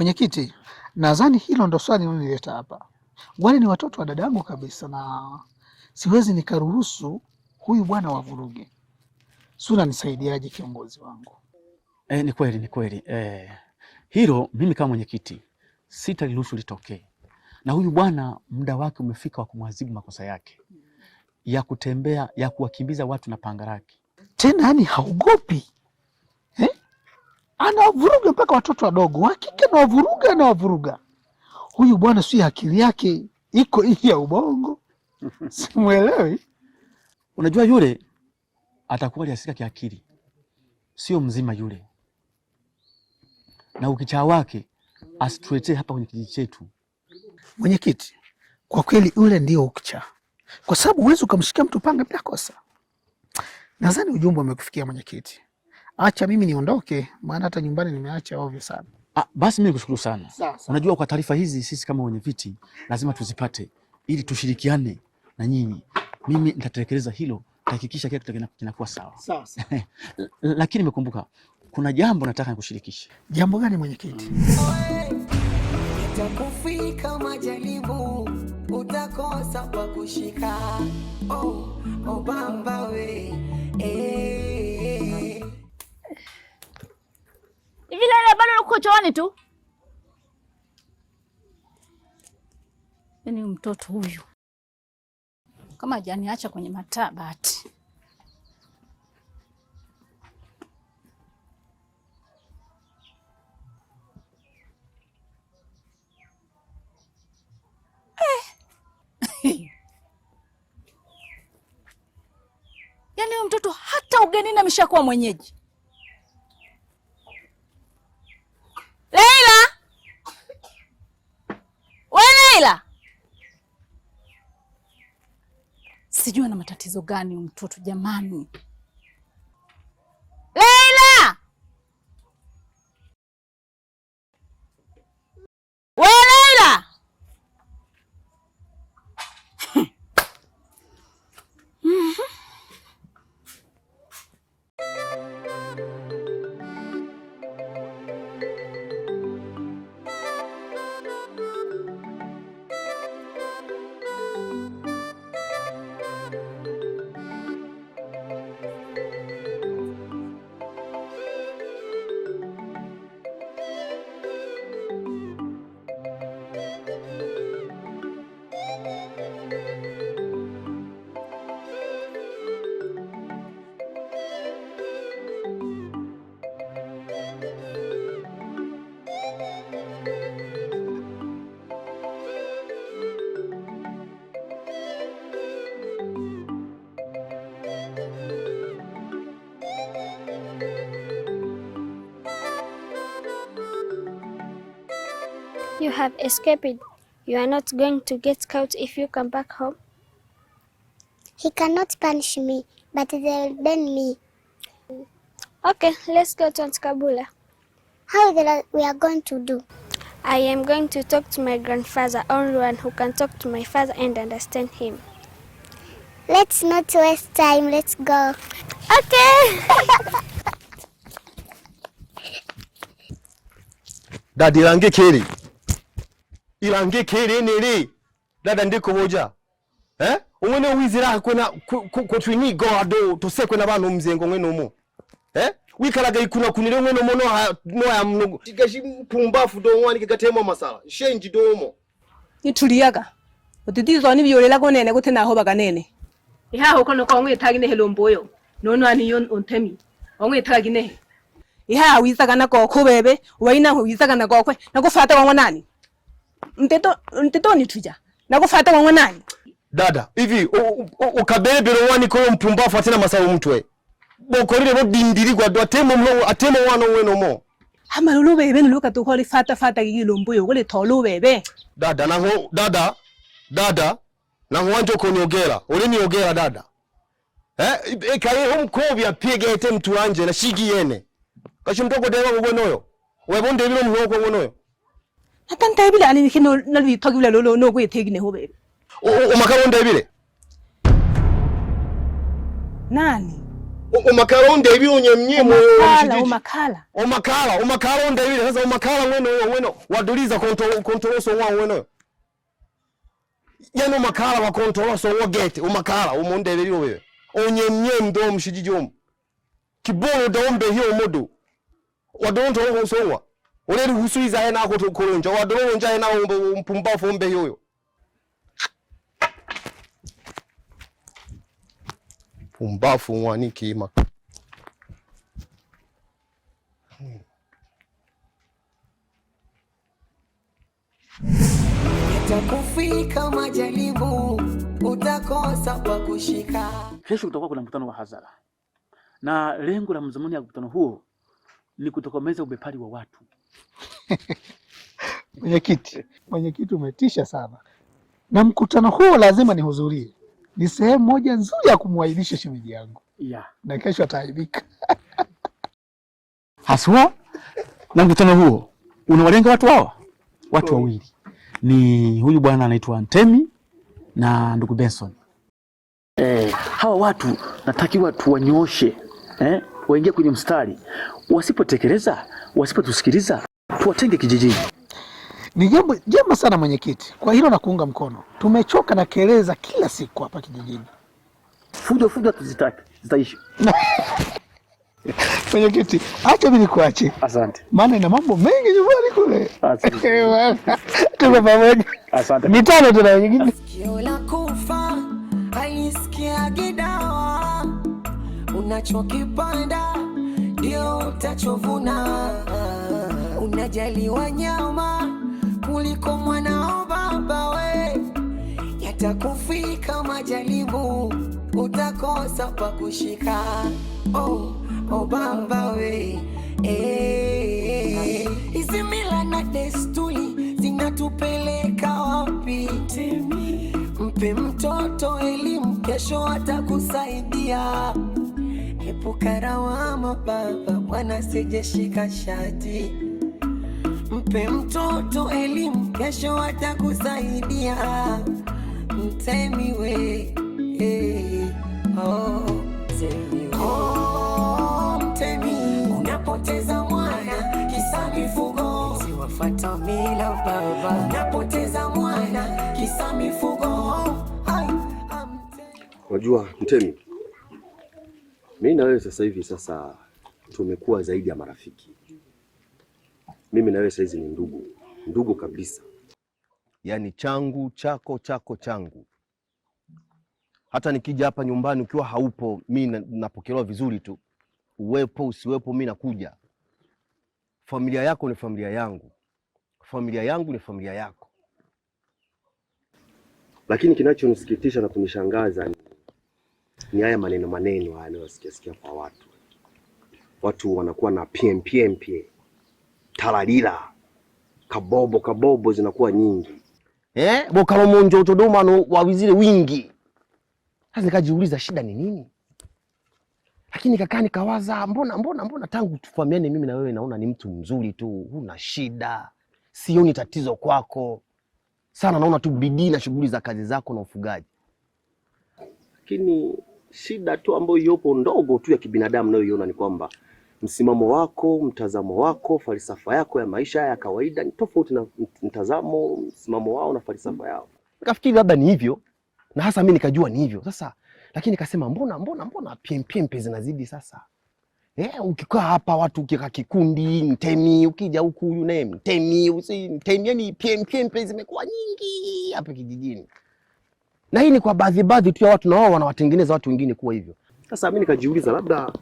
Mwenyekiti, nadhani hilo ndo swali nilileta hapa. Wale ni watoto wa dadangu kabisa, na siwezi nikaruhusu huyu bwana wavuruge. Sura nisaidiaje, kiongozi wangu? E, ni kweli ni kweli e, hilo mimi kama mwenyekiti sitaliruhusu litokee, na huyu bwana muda wake umefika wa kumwadhibu makosa yake ya kutembea ya kuwakimbiza watu na panga lake tena, yani haugopi? anawavuruga mpaka watoto wadogo wa kike, anawavuruga anawavuruga. Huyu bwana si akili yake iko hii ya ubongo, simwelewi. Unajua yule atakuwa liasika kiakili, sio mzima yule, na ukichaa wake asituletee hapa kwenye kijiji chetu. Mwenyekiti, kwa kweli ule ndio ukichaa, kwa sababu huwezi ukamshikia mtu panga bila kosa. Nadhani ujumbe umekufikia mwenyekiti acha mimi niondoke, maana hata nyumbani nimeacha ovyo sana. Ah, basi mimi nikushukuru sana. Unajua, kwa taarifa hizi sisi kama wenye viti lazima tuzipate ili tushirikiane na nyinyi. Mimi nitatekeleza hilo, tahakikisha kila kitu kinakuwa sawa. Sasa. Lakini nimekumbuka kuna jambo nataka nikushirikishe. Jambo gani mwenyekiti? Itakufika majaribu utakosa pa kushika. Oh, obamba oh, we. Eh. Hivi leo bado uko chooni tu? Yaani mtoto huyu kama hajaniacha kwenye matabati bahati. Eh. Yaani mtoto hata ugenini ameshakuwa mwenyeji. Leila, we Leila, sijui na matatizo gani mtoto jamani. Leila have escaped. You are not going to get caught if you come back home. He cannot punish me, but they will me. Okay, let's go to Aunt Kabula. How that we are going to do? I am going to talk to my grandfather, only one who can talk to my father and understand him. Let's not waste time. Let's go. Okay. Dadi langi irange kere nere dada ndiko boja eh umwene wizira kwena kwetwini godo toseke kwena bantu mzengo ngwe nomo eh wikalaga ikuna kunire ngwe nomo no ha no ya mnogo tigashi pumbafu do mwani kigatemo masala shenji domo nituliyaga utidizo ni byolela gonene gutena ho baganene ihaho kono ko ngwe tagine mboyo no no ani yon ontemi ongwe tagine ihaho wizagana ko kubebe waina huwizagana ko kwe nakufata kwa ngwanani mteto mtotoni tuja nakufata mwa nani dada hivi ukabebe rowani kwa mpumbafu atena masawu mtwe bokorire bo kwa dwa temo mlo atemo wano no mo hama lulu bebe nuluka kwa lifata fata gigi fata yo kule tolu bebe dada na ho dada dada na ho wanje kunyogera uli niogera dada eh ikaye e, homkobi pige ete mtu anje na shigi yene kashimtoko dewa gogonoyo webonde kwa ngono yo hata ntaibile ali kino nalwithogibula lolo no gwithigine hubebe. Umakaro ndaibile. Nani? Umakaro ndaibile unyemnye moyo wa umakala. Umakala, umakaro ndaibile sasa umakala weno weno waduliza kontrol kontroloso wa weno. Yano umakala wa kontroloso wa gate umakala umundeibile wewe. Unyemnye ndo mshijiji omu. Kibolo daombe hiyo modo. Wadonto wa usongwa olero husuiza ena akutukulunja wadolonja ena mpumbafu ombe yoyo pumbafu mwani kima Itakufika majaribu, utakosa pa kushika. Kesho kutakuwa kuna mkutano wa hadhara, na lengo la mzumuni ya mkutano huo ni kutokomeza ubepari wa watu. Mwenyekiti, mwenyekiti, umetisha sana, na mkutano huo lazima nihudhurie. Ni sehemu moja nzuri ya kumwaibisha shemeji yangu yeah. na kesho ataaibika haswa. Na mkutano huo unawalenga watu hawa watu wawili, ni huyu bwana anaitwa Ntemi na ndugu Benson. Eh, hawa watu natakiwa tuwanyoshe eh, waingie kwenye mstari. Wasipotekeleza, wasipotusikiliza, tuwatenge kijijini. Ni jambo jema sana mwenyekiti, kwa hilo nakuunga mkono. Tumechoka na kelele za kila siku hapa kijijini, fujo fujo tuzitaki, zitaisha Mwenyekiti, acha mimi nikuache. Asante. Maana ina mambo mengi nyumbani kule. Asante. Eh, Tuko pamoja. Asante. Mitano tuna mwenyekiti. Sikio la kufa, haisikiagi dawa. Unachokipanda ndio utachovuna. Unajali wanyama kuliko mwanao baba we, yatakufika majaribu, utakosa pa kushika. Oh, oh baba we eh, hizi hey. Mila na desturi zinatupeleka wapi? Mpe mtoto elimu, kesho atakusaidia epukara wa baba, mwana sijeshika shati. Mpe mtoto elimu, kesho atakusaidia. Mtemi we, hey, oh, mtemi we. mtemi, unapoteza mwana kisa mifugo, baba, unapoteza mwana kisa mifugo. Unajua mtemi mimi na wewe sasa hivi sasa tumekuwa zaidi ya marafiki. Mimi na wewe sasa hizi ni ndugu, ndugu kabisa, yaani changu chako chako changu. Hata nikija hapa nyumbani ukiwa haupo, mi napokelewa vizuri tu, uwepo usiwepo, mi nakuja. Familia yako ni familia yangu, familia yangu ni familia yako. Lakini kinachonisikitisha na kunishangaza ni ni haya maneno maneno haya sikia kwa watu. Watu wanakuwa na PMPMP, talalila kabobo kabobo zinakuwa nyingi eh, bokalo monjo no wawizile wingi. Sasa nikajiuliza shida ni nini, lakini kakaa nikawaza, mbona mbona mbona tangu tufahamiane mimi na wewe naona ni mtu mzuri tu, huna shida, sioni tatizo kwako sana, naona tu bidii na shughuli za kazi zako na ufugaji, lakini shida tu ambayo iliyopo ndogo tu ya kibinadamu nayoiona ni kwamba msimamo wako, mtazamo wako, falsafa yako ya maisha ya kawaida ni tofauti na mtazamo, msimamo wao na falsafa yao. Nikafikiri labda ni hivyo, na hasa mimi nikajua ni hivyo sasa, lakini nikasema mbona mbona mbona pimpimpe zinazidi sasa Yeah, ukikaa hapa watu ukika kikundi mtemi, ukija huku huyu naye mtemi, usi mtemi, yani PMPM zimekuwa nyingi hapa kijijini na hii ni kwa baadhi baadhi tu ya watu, na wao wanawatengeneza watu wengine kuwa hivyo. Sasa mimi nikajiuliza, labda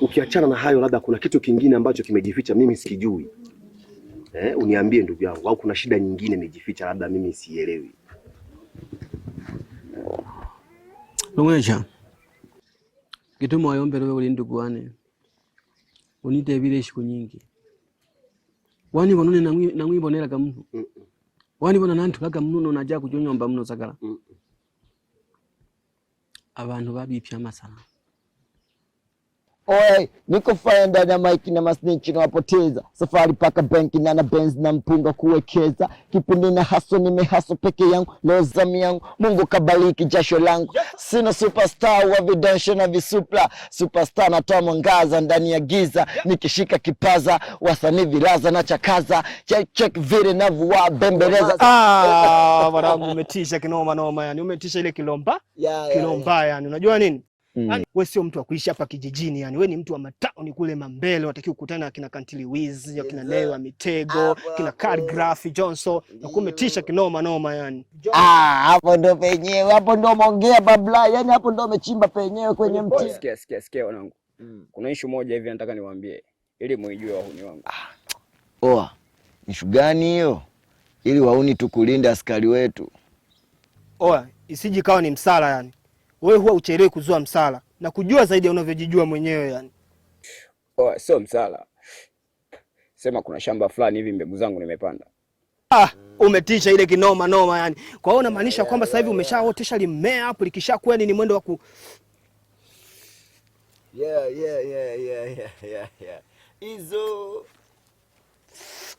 ukiachana na hayo, labda kuna kitu kingine ambacho kimejificha mimi sikijui. Eh, uniambie ndugu yangu, au kuna shida nyingine imejificha labda mimi sielewi. Long'onesha kituma wayombe lowe uli ndugu wane unite vile shiku nyingi wani wanone nangwibonela ka mtu mm -mm wani bona nantulaga muno najja kujonyombamno sagala abantu babipya amasala Oe, niko fire ndani ya maiki na masnichi na wapoteza safari paka benki na na benz na mpunga kuwekeza, kipindi na haso nimehaso peke yangu, leo zamu yangu Mungu kabaliki jasho langu, sina superstar wa vidansho na visupla, superstar natoa mwangaza ndani ya giza, nikishika kipaza wasanii vilaza na chakaza, check check vile navua bembeleza. Ah, mwanangu umetisha kinoma noma, yani umetisha ile kilomba yeah, yeah, kilomba yeah. Yani unajua nini Mm. Wewe yaani, sio mtu wa kuishi hapa kijijini yani, wewe ni mtu wa mataoni kule Mambele, unatakiwa kukutana na kina Kantili Wiz, ya kina Neo Mitego, kina Card Graph Johnson, na kumetisha kinoma noma yani. Ah, hapo ndo penyewe, hapo ndo umeongea babla, yani hapo ndo umechimba penyewe kwenye mti. Sikia, sikia, sikia wanangu. Mm. Kuna issue moja hivi nataka niwaambie ili muijue wahuni wangu. Ah. Oa. Issue gani hiyo? Ili wauni tukulinde askari wetu. Oa, isiji kawa ni msala yani wewe huwa uchelewe kuzua msala na kujua zaidi ya unavyojijua mwenyewe yani. Oh, sio msala, sema kuna shamba fulani hivi mbegu zangu nimepanda. Ah, umetisha ile kinoma noma yani. Kwa hiyo unamaanisha kwamba sasa hivi umeshaotesha limmea hapo likisha kweli ni mwendo wa ku Yeah, yeah, yeah, yeah, yeah, yeah. Hizo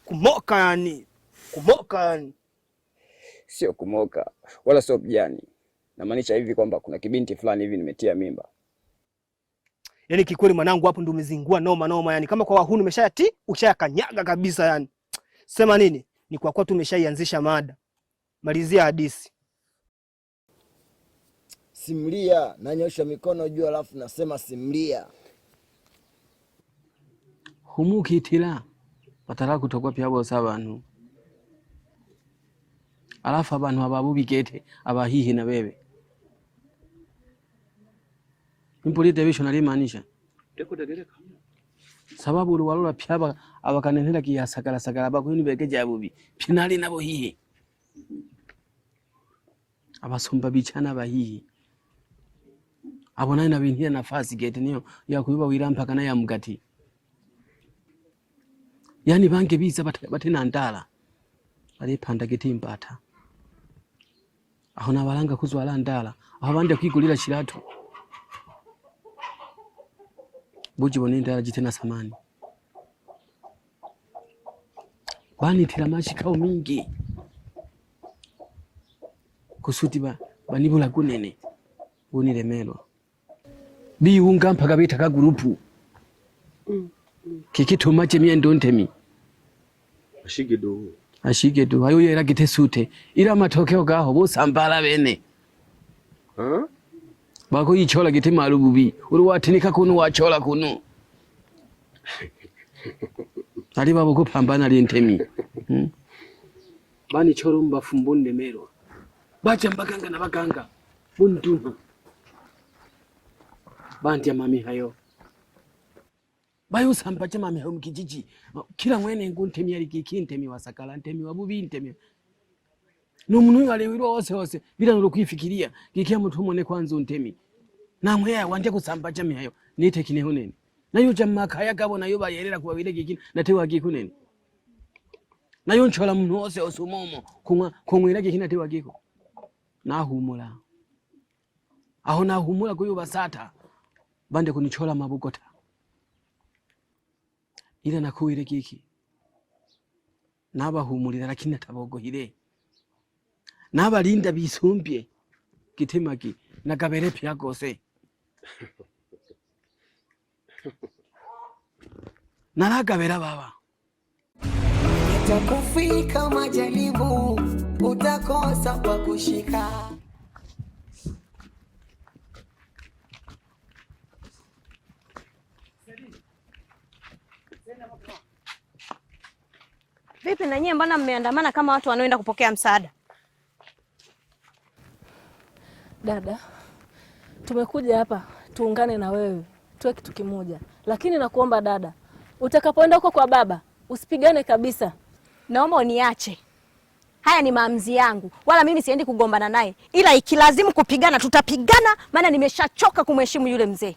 kumoka yani. Kumoka yani. Sio kumoka wala sio kijani namaanisha hivi kwamba kuna kibinti fulani hivi nimetia mimba. Yaani kikweli mwanangu, hapo ndio umezingua noma noma, yani kama kwa wahuni umeshayati ushayakanyaga kabisa, yani sema nini, ni kwa kwa tu umeshaianzisha mada. Malizia hadisi, simlia, nanyosha mikono juu, alafu nasema simlia humukitila patala kutokwa pyavosa vanhu alafu avanhu avavubikete abahihi na bebe Mpulidde ebisho nalimaanisha sababu oluwalola pyaba abakanenera kiyasagalasagala bakuyuni beke jabubi pinali nabo hihi abasomba bichana bahihi abonani nabinhira nafasi geti niyo yakuiba wira mpaka na ya mgati yani bange biza batena ndala ali panda geti mpata aho nabalanga kuzwala ndala aho bande kwigulira shiratu buji bonenda ajitena samani bani tira banitira mashikao mingi kusuti ba bani bula kunene bi unga mpaka bita bitaka gurupu mm, mm. kikituma ashige do ashige do ayo yera gite sute ira matokeo gaho bosambala bene huh? bako yichola gitima alububi uri watinika kunu wachola kunu ali babo kupambana ali ntemi hmm? bani choro mba mbonde mero bacha mbakanga na baganga buntuma banti ya mami hayo bayo samba cha mami hayo mkijiji kila mwene ngu ntemi ali kiki ntemi wa sakala ntemi wa bubi ntemi n'umuntu walewirwa wose wose bila kwifikiria kikia muthu umone kwanza untemi namwe ya wanje kusamba chami hayo nite na yo jamma kaya gabo nayo bayerera kuwabire kikina nate wagiku nene yo nchola muntu wose wose umomo kunwa kunwira kikina te na humula aho na humula kuyo basata bande kunichola mabugota ila nakuwire kiki humulira lakini natabogohire n'abarinda bisumbye kitemaki nagabere pya gose naragabera baba takufika majaribu utakosa pa kushika Vipi na nyie, mbona mmeandamana kama watu wanaoenda kupokea msaada? dada, tumekuja hapa tuungane na wewe tuwe kitu kimoja, lakini nakuomba dada, utakapoenda huko kwa baba usipigane kabisa. Naomba uniache, haya ni maamuzi yangu, wala mimi siendi kugombana naye, ila ikilazimu kupigana tutapigana, maana nimeshachoka kumheshimu yule mzee.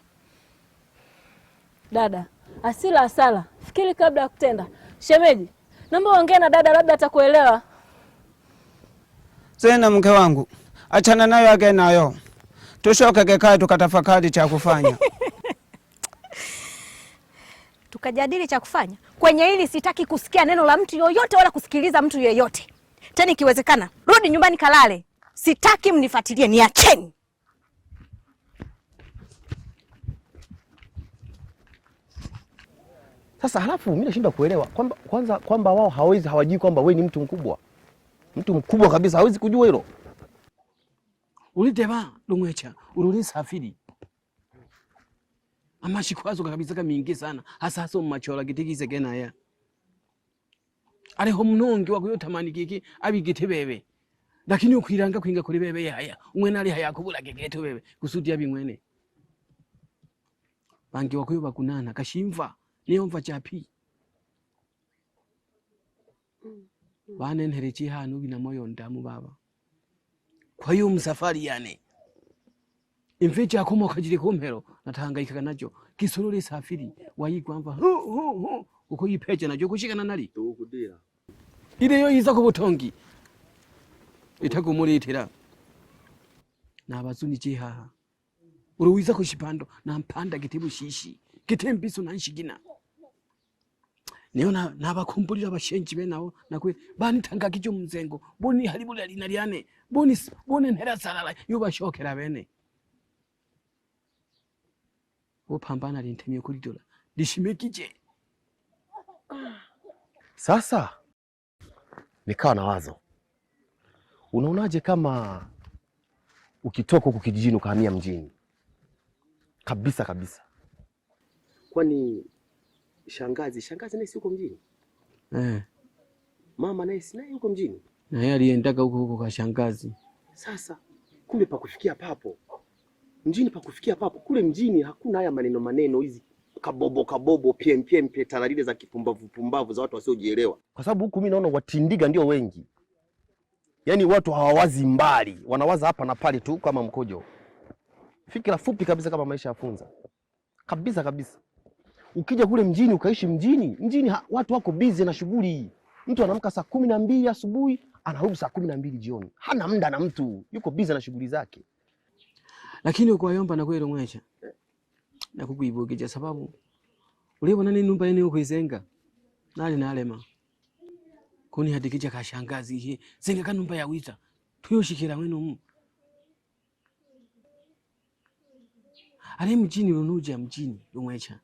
Dada asila asala, fikiri kabla ya kutenda. Shemeji, naomba uongee na dada, labda atakuelewa. Tena mke wangu achana nayo, age nayo, tushoke kekae tukatafakari cha kufanya tukajadili cha kufanya kwenye hili. Sitaki kusikia neno la mtu yoyote wala kusikiliza mtu yeyote tena. Ikiwezekana rudi nyumbani kalale, sitaki mnifuatilie, niacheni. Sasa halafu mimi nashindwa kuelewa kwamba kwanza kwamba wao hawezi hawajui kwamba wewe ni mtu mkubwa, mtu mkubwa kabisa, hawezi kujua hilo uliteba lumwecha ululisafiri amashikwazo kakabizaka mingi sana hasa hasa mumachola gitigize genaya aliho mnongi wakuyotamani kiki abigite bebe lakini ukwiranga kwinga kuli bebe ya yaya umwene ali kubula gegeto bebe kusudi mwene bangi wakuyo bakunana kashimva niyomva chapi mm, mm. banenhere chihanu moyo ndamu baba kwa hiyo msafari yani imvi chakomoka kajiri kumpero natahangayikaga najo kisururi safiri wayigwamba hu hu hu uko yipeje najo kushikana nali ukudira ile yo yiza ku butongi itagumulitira nabazuni uruwiza kushipando nampanda kitibu shishi kitembiso nanshigina niyo nabakumbulira bashenji kwe bani tanga kicho mzengo boni halibula lina lyane boni boni ntera sarala yubashokera bene upambana lintemye kuri dola lishime sasa nikawa na wazo unaonaje kama ukitoka huku kijijini ukahamia mjini kabisa kabisa kwani shangazi, shangazi naye si yuko mjini eh. Mama naye si naye yuko mjini, na yeye aliendaka huko huko kwa shangazi. Sasa kumbe kufikia papo mjini, kufikia papo kule mjini, hakuna haya maneno maneno hizi kabobo kabobo pmpmp taradile za kipumbavu pumbavu za watu wasiojielewa, kwa sababu huku mimi naona watindiga ndio wengi, yaani watu hawawazi mbali, wanawaza hapa na pale tu kama mkojo, fikira fupi kabisa, kama maisha yafunza kabisa kabisa. Ukija kule mjini ukaishi mjini, mjini ha, watu wako busy na shughuli. Mtu anaamka saa kumi na mbili asubuhi anarudi saa kumi na mbili jioni, hana muda na mtu, yuko busy na shughuli zake. Lakini uko ayomba na kweli ukwayomba na kukuibogeja sababu ulipo uliwona nini numba yene ukwizenga nali nalema kuni hadikija kashangazi hii zenga ihe senga kanumba yawita tuyoshikira mu ale mjini unuja mjini lumwecha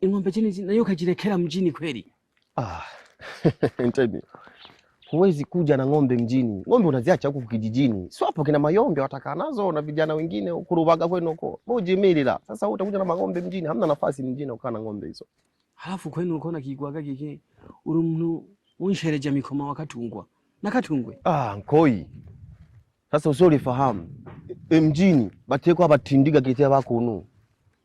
Ing'ombe chini nayo ukajirekera mjini kweli? Ah. Ntemi. Huwezi kuja na ng'ombe mjini. Ng'ombe unaziacha huku kijijini. Sio hapo kina Mayombe watakaa nazo na vijana wengine kurubaga kwenu huko. Muji milila. Sasa utakuja na mang'ombe mjini, hamna nafasi mjini ukaa na ng'ombe hizo. Halafu kwenu uko na kiguaga kiki. Uri mnu unshereja mikoma wakatungwa. Na katungwe. Ah, nkoi. Sasa fahamu. E, mjini bateko abatindiga kitia wako unu.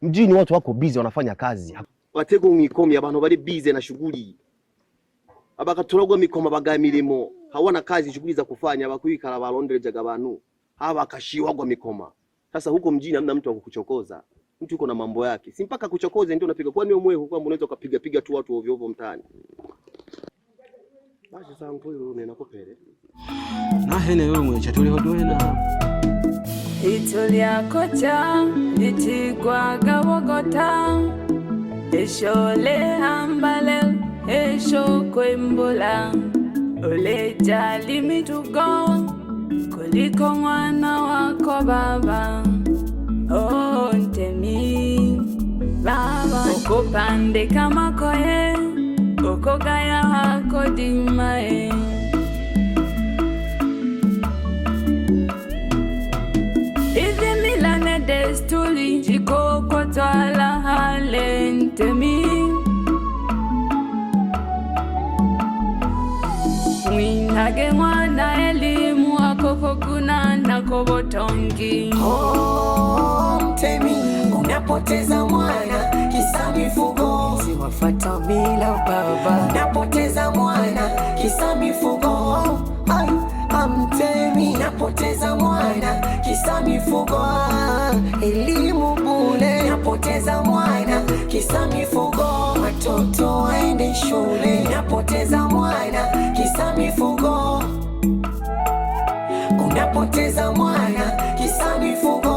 Mjini watu wako busy wanafanya kazi abatega omwikomi abantu bari bize na shughuli abakaturagwa mikoma baga milimo hawana kazi shughuli za kufanya bakuikala balonderejaga abantu hawa kashiwagwa mikoma sasa huko mjini hamna mtu akukuchokoza mtu yuko na mambo yake si mpaka kuchokoze ndio unapiga kwani wewe mwehu kwamba unaweza kupiga piga tu watu ovyo ovyo mtaani basi sasa mpoi mpuyo nenakopere nahene yoro mwecha tuliho doena itulia kocha itigwa gawogota esho lehambale esho kwembola oleja limitugo kuliko mwana wako baba ontemi ntemi baba okopandeka makoye okogaya hako dimae tuli jiko kwa tala halente mi mwinage mwana elimu akokokuna nakobotongi oh, mtemi unapoteza mwana kisa mifugo siwafata bila baba unapoteza mwana kisa mifugo Ay mtemi, napoteza mwana kisa mifugo. Elimu bule, napoteza mwana kisa mifugo. Watoto waende shule, napoteza mwana kisa mifugo. Unapoteza mwana kisa mifugo